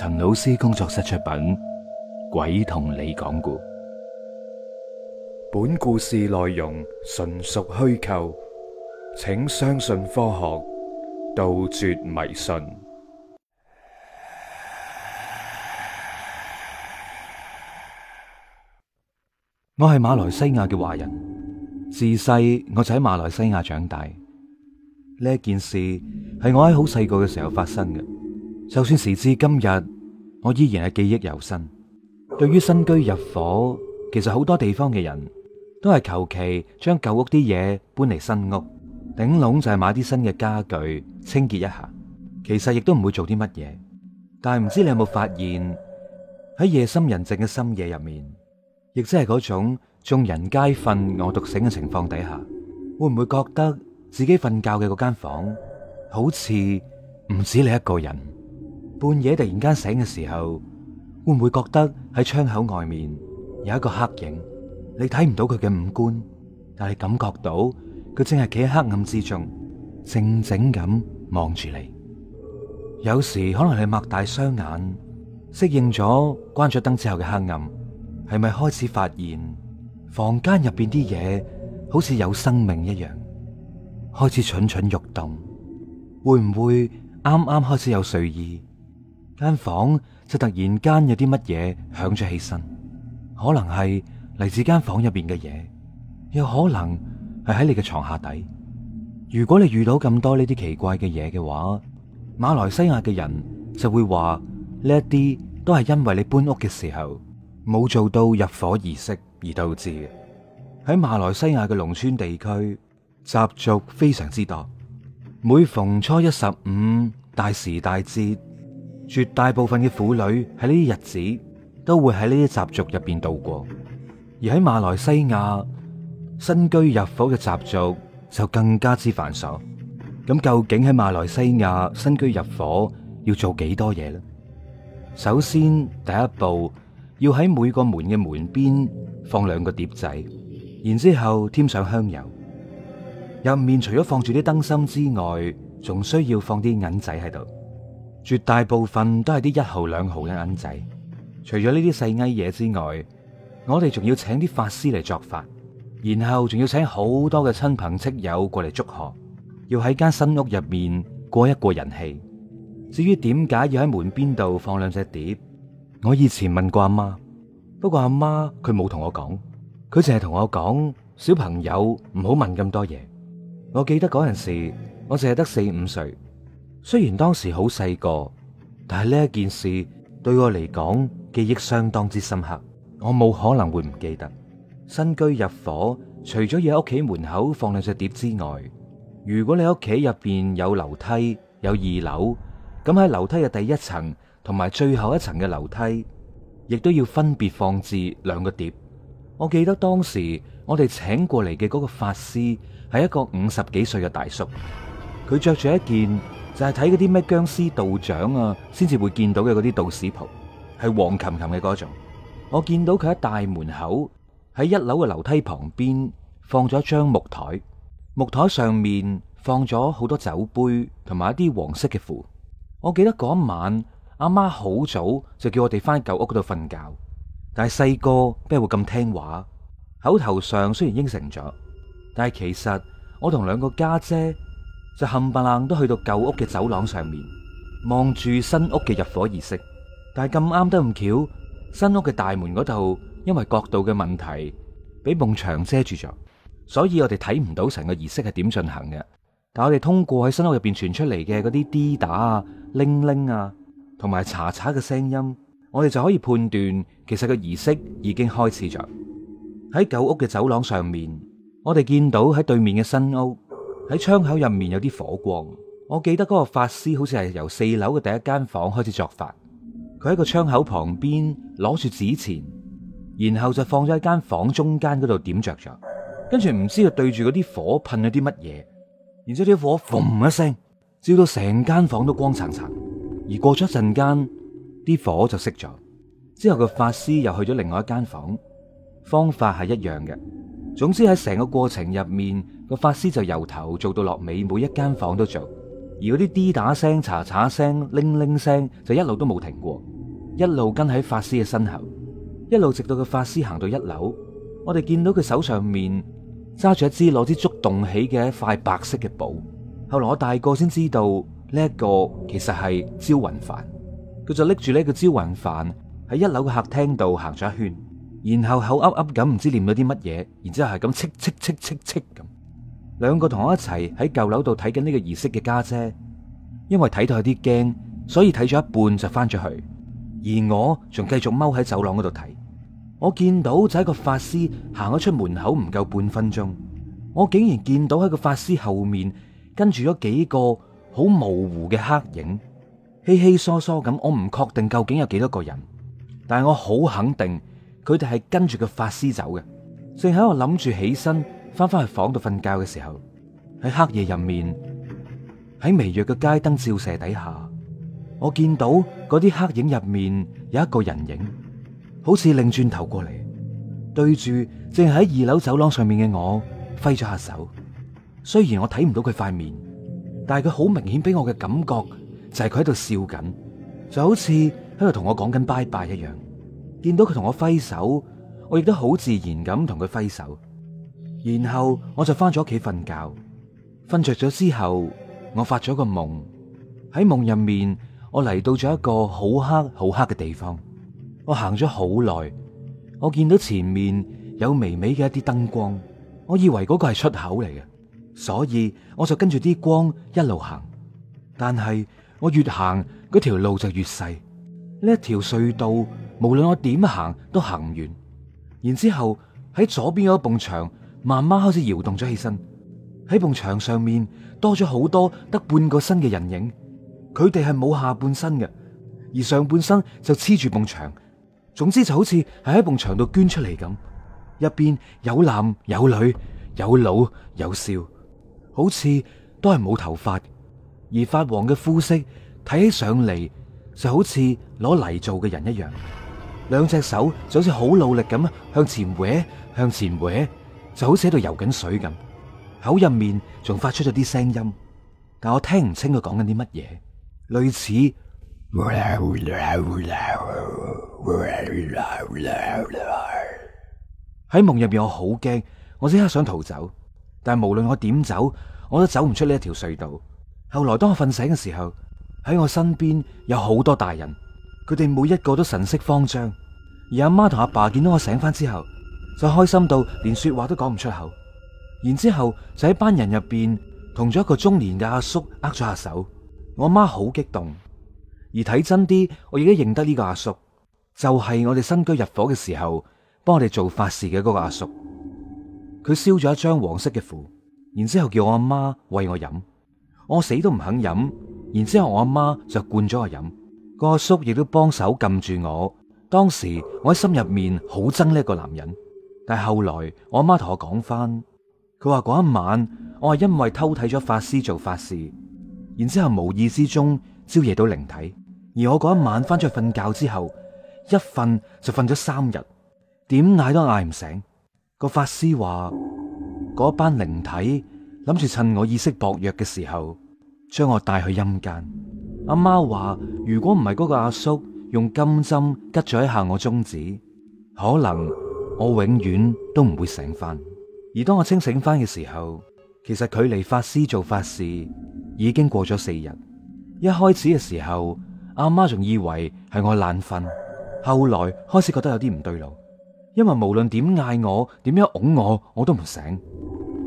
陳老師工作室出品《鬼同你講故》，本故事內容純屬虛構，請相信科學，杜絕迷信。我係馬來西亞嘅華人，自細我就喺馬來西亞長大。呢件事係我喺好細個嘅時候發生嘅。就算時至今日，我依然係記憶猶新。對於新居入伙，其實好多地方嘅人都係求其將舊屋啲嘢搬嚟新屋，頂籠就係買啲新嘅家具，清潔一下。其實亦都唔會做啲乜嘢。但係唔知你有冇發現，喺夜深人靜嘅深夜入面，亦即係嗰種眾人皆瞓我獨醒嘅情況底下，會唔會覺得自己瞓覺嘅嗰間房好似唔止你一個人？半夜突然間醒嘅時候，會唔會覺得喺窗口外面有一個黑影？你睇唔到佢嘅五官，但係感覺到佢正係企喺黑暗之中，靜靜咁望住你。有時可能你擘大雙眼，適應咗關咗燈之後嘅黑暗，係咪開始發現房間入邊啲嘢，好似有生命一樣，開始蠢蠢欲動？會唔會啱啱開始有睡意？間房就突然間有啲乜嘢響咗起身，可能係嚟自間房入邊嘅嘢，又可能係喺你嘅床下底。如果你遇到咁多呢啲奇怪嘅嘢嘅話，馬來西亞嘅人就會話呢一啲都係因為你搬屋嘅時候冇做到入伙儀式而導致嘅。喺馬來西亞嘅農村地區，習俗非常之多，每逢初一、十五，大時大節。絕大部分嘅婦女喺呢啲日子都會喺呢啲習俗入邊度過而，而喺馬來西亞新居入伙嘅習俗就更加之繁瑣。咁究竟喺馬來西亞新居入伙要做幾多嘢呢？首先，第一步要喺每個門嘅門邊放兩個碟仔，然之後添上香油。入面除咗放住啲燈芯之外，仲需要放啲銀仔喺度。絕大部分都係啲一毫兩毫嘅銀仔，除咗呢啲細埃嘢之外，我哋仲要請啲法師嚟作法，然後仲要請好多嘅親朋戚友過嚟祝賀，要喺間新屋入面過一個人氣。至於點解要喺門邊度放兩隻碟，我以前問過阿媽，媽，不過阿媽佢冇同我講，佢淨係同我講小朋友唔好問咁多嘢。我記得嗰陣時，我淨係得四五歲。雖然當時好細個，但係呢一件事對我嚟講記憶相當之深刻，我冇可能會唔記得。新居入伙，除咗要喺屋企門口放兩隻碟之外，如果你屋企入邊有樓梯、有二樓，咁喺樓梯嘅第一層同埋最後一層嘅樓梯，亦都要分別放置兩個碟。我記得當時我哋請過嚟嘅嗰個法師係一個五十幾歲嘅大叔，佢着住一件。就係睇嗰啲咩殭屍道長啊，先至會見到嘅嗰啲道士袍係黃琴琴嘅嗰種。我見到佢喺大門口喺一樓嘅樓梯旁邊放咗一張木台，木台上面放咗好多酒杯同埋一啲黃色嘅符。我記得嗰一晚阿媽好早就叫我哋翻舊屋度瞓覺，但係細個咩會咁聽話？口頭上雖然應承咗，但係其實我同兩個家姐，就冚唪唥都去到舊屋嘅走廊上面，望住新屋嘅入伙儀式。但係咁啱得咁巧，新屋嘅大門嗰度因為角度嘅問題，俾幕牆遮住咗，所以我哋睇唔到成個儀式係點進行嘅。但我哋通過喺新屋入邊傳出嚟嘅嗰啲滴打輪輪啊、鈴鈴啊，同埋查查嘅聲音，我哋就可以判斷，其實個儀式已經開始咗。喺舊屋嘅走廊上面，我哋見到喺對面嘅新屋。喺窗口入面有啲火光，我記得嗰個法師好似係由四樓嘅第一間房開始作法，佢喺個窗口旁邊攞住紙錢，然後就放咗一間房中間嗰度點着咗，跟住唔知道對住嗰啲火噴咗啲乜嘢，然之後啲火嘣一聲，照到成間房都光燦燦，而過咗一陣間，啲火就熄咗，之後個法師又去咗另外一間房，方法係一樣嘅。總之喺成個過程入面，個法師就由頭做到落尾，每一間房都做，而嗰啲滴打聲、查查聲、鈴鈴聲就一路都冇停過，一路跟喺法師嘅身後，一路直到個法師行到一樓，我哋見到佢手上面揸住一支攞支竹動起嘅一塊白色嘅布。後來我大個先知道呢一個其實係招魂幡。佢就拎住呢個招魂幡，喺一樓嘅客廳度行咗一圈。然後口噏噏咁，唔知念咗啲乜嘢，然之後係咁，戚戚戚戚戚咁。兩個同我一齊喺舊樓度睇緊呢個儀式嘅家姐,姐，因為睇到有啲驚，所以睇咗一半就翻咗去。而我仲繼續踎喺走廊嗰度睇，我見到就喺個法師行咗出門口，唔夠半分鐘，我竟然見到喺個法師後面跟住咗幾個好模糊嘅黑影，稀稀疏疏咁。我唔確定究竟有幾多個人，但係我好肯定。佢哋係跟住個法師走嘅。正喺我諗住起身翻返去房度瞓覺嘅時候，喺黑夜入面，喺微弱嘅街燈照射底下，我見到嗰啲黑影入面有一個人影，好似擰轉頭過嚟，對住正喺二樓走廊上面嘅我揮咗下手。雖然我睇唔到佢塊面，但係佢好明顯俾我嘅感覺就係佢喺度笑緊，就好似喺度同我講緊拜拜一樣。見到佢同我揮手，我亦都好自然咁同佢揮手。然後我就翻咗屋企瞓覺，瞓着咗之後，我發咗個夢。喺夢入面，我嚟到咗一個好黑好黑嘅地方。我行咗好耐，我見到前面有微微嘅一啲燈光，我以為嗰個係出口嚟嘅，所以我就跟住啲光一路行。但係我越行，嗰條路就越細。呢一條隧道。無論我點行都行唔完，然之後喺左邊嗰埲牆慢慢開始搖動咗起身，喺埲牆上面多咗好多得半個身嘅人影，佢哋係冇下半身嘅，而上半身就黐住埲牆，總之就好似係喺埲牆度捐出嚟咁，入邊有男有女有老有少，好似都係冇頭髮，而發黃嘅膚色睇起上嚟就好似攞泥做嘅人一樣。兩隻手就好似好努力咁向前搲，向前搲，就好似喺度游緊水咁。口入面仲發出咗啲聲音，但我聽唔清佢講緊啲乜嘢。類似喺夢入面我，我好驚，我即刻想逃走，但係無論我點走，我都走唔出呢一條隧道。後來當我瞓醒嘅時候，喺我身邊有好多大人。佢哋每一個都神色慌張，而阿媽同阿爸見到我醒翻之後，就開心到連說話都講唔出口。然之後就喺班人入邊同咗一個中年嘅阿叔握咗下手。我阿媽好激動，而睇真啲，我已經認得呢個阿叔，就係我哋新居入伙嘅時候幫我哋做法事嘅嗰個阿叔。佢燒咗一張黃色嘅符，然之後叫我阿媽餵我飲，我死都唔肯飲。然之後我阿媽就灌咗我飲。個叔亦都幫手撳住我，當時我喺心入面好憎呢一個男人，但係後來我阿媽同我講翻，佢話嗰一晚我係因為偷睇咗法師做法事，然之後無意之中招惹到靈體，而我嗰一晚翻出去瞓覺之後，一瞓就瞓咗三日，點嗌都嗌唔醒。個法師話嗰班靈體諗住趁我意識薄弱嘅時候，將我帶去陰間。阿媽話：如果唔係嗰個阿叔用金針拮咗一下我中指，可能我永遠都唔會醒翻。而當我清醒翻嘅時候，其實距離法師做法事已經過咗四日。一開始嘅時候，阿媽仲以為係我懶瞓，後來開始覺得有啲唔對路，因為無論點嗌我、點樣拱我，我都唔醒。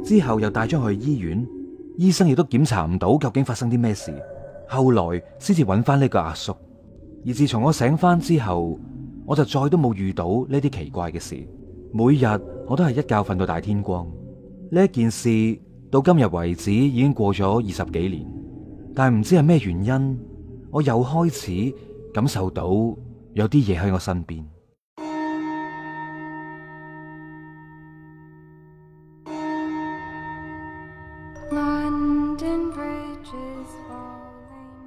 之後又帶咗去醫院，醫生亦都檢查唔到究竟發生啲咩事。後來先至搵翻呢個阿叔，而自從我醒翻之後，我就再都冇遇到呢啲奇怪嘅事。每日我都係一覺瞓到大天光。呢一件事到今日為止已經過咗二十幾年，但係唔知係咩原因，我又開始感受到有啲嘢喺我身邊。